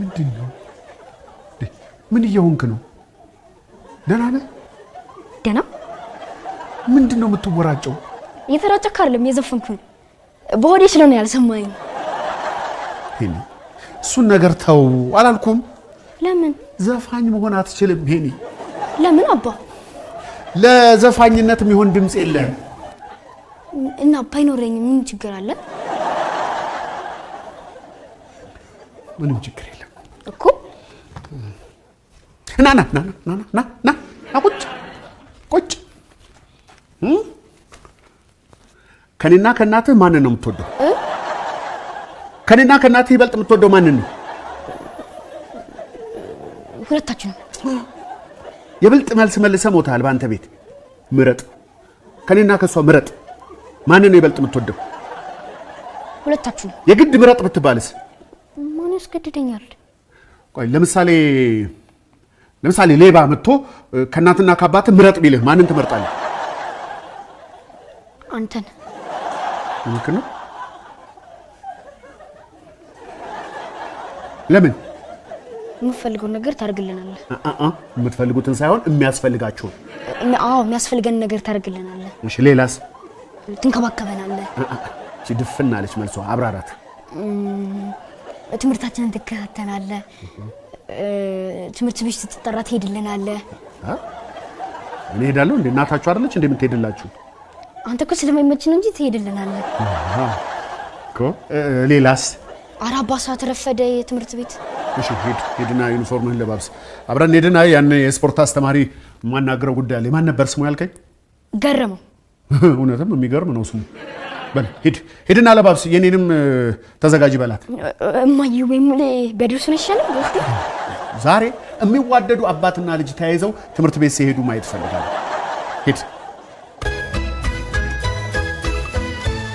ምንድን ነው? ምን እየሆንክ ነው? ደህና ነህ? ደህና ምንድን ነው የምትወራጨው? እየተራጨክ አይደለም እየዘፈንኩ ነው። በሆዴ ስለሆነ ያልሰማኝ ሄኒ፣ እሱን ነገር ተው አላልኩም። ለምን ዘፋኝ መሆን አትችልም ሄኒ? ለምን አባ? ለዘፋኝነት የሚሆን ድምፅ የለም እና ባይኖረኝም ምን ችግር አለ? ምንም ችግር የለም እኮ ና ና ና ና ና ና ና ቁጭ ቁጭ። ከኔና ከእናትህ ማንን ነው የምትወደው? ከኔና ከእናትህ ይበልጥ የምትወደው ማንን ነው? ሁለታችሁ ነው። የብልጥ መልስ መልሰ ሞታል። በአንተ ቤት ምረጥ፣ ከኔና ከእሷ ምረጥ። ማንን ነው ይበልጥ የምትወደው? ሁለታችሁ የግድ ምረጥ ብትባልስ ያስገድደኛል። ለምሳሌ ለምሳሌ ሌባ መጥቶ ከእናትና ከአባት ምረጥ ቢልህ ማንን ትመርጣለህ? አንተን። ምክር ነው። ለምን? የምፈልገውን ነገር ታደርግልናለህ። የምትፈልጉትን ሳይሆን የሚያስፈልጋችሁን። አዎ የሚያስፈልገን ነገር ታደርግልናለህ። እሺ፣ ሌላስ? ትንከባከበናለህ። ድፍን አለች መልሷ። አብራራት ትምህርታችንን ትከታተናለህ። ትምህርት ቤት ስትጠራ ትሄድልናለህ። እኔ እሄዳለሁ። እንደ እናታችሁ አይደለች እንደምትሄድላችሁ አንተ እኮ ነው እንጂ ትሄድልናለህ እኮ። ሌላስ? ኧረ አባ ሰዓት ረፈደ የትምህርት ቤት። እሺ ሂድ ሂድና ዩኒፎርምህን ለባብስ። አብረን ሄድና ያን የስፖርት አስተማሪ የማናግረው ጉዳይ አለ። የማን ነበር ስሙ ያልከኝ? ገረመው። እውነትም የሚገርም ነው ስሙ። ሂድ ሂድና ለባብስ፣ የኔንም ተዘጋጅ በላት። እማዬ ወይም በደርስ ነሻለ ዛሬ የሚዋደዱ አባትና ልጅ ተያይዘው ትምህርት ቤት ሲሄዱ ማየት እፈልጋለሁ። ሂድ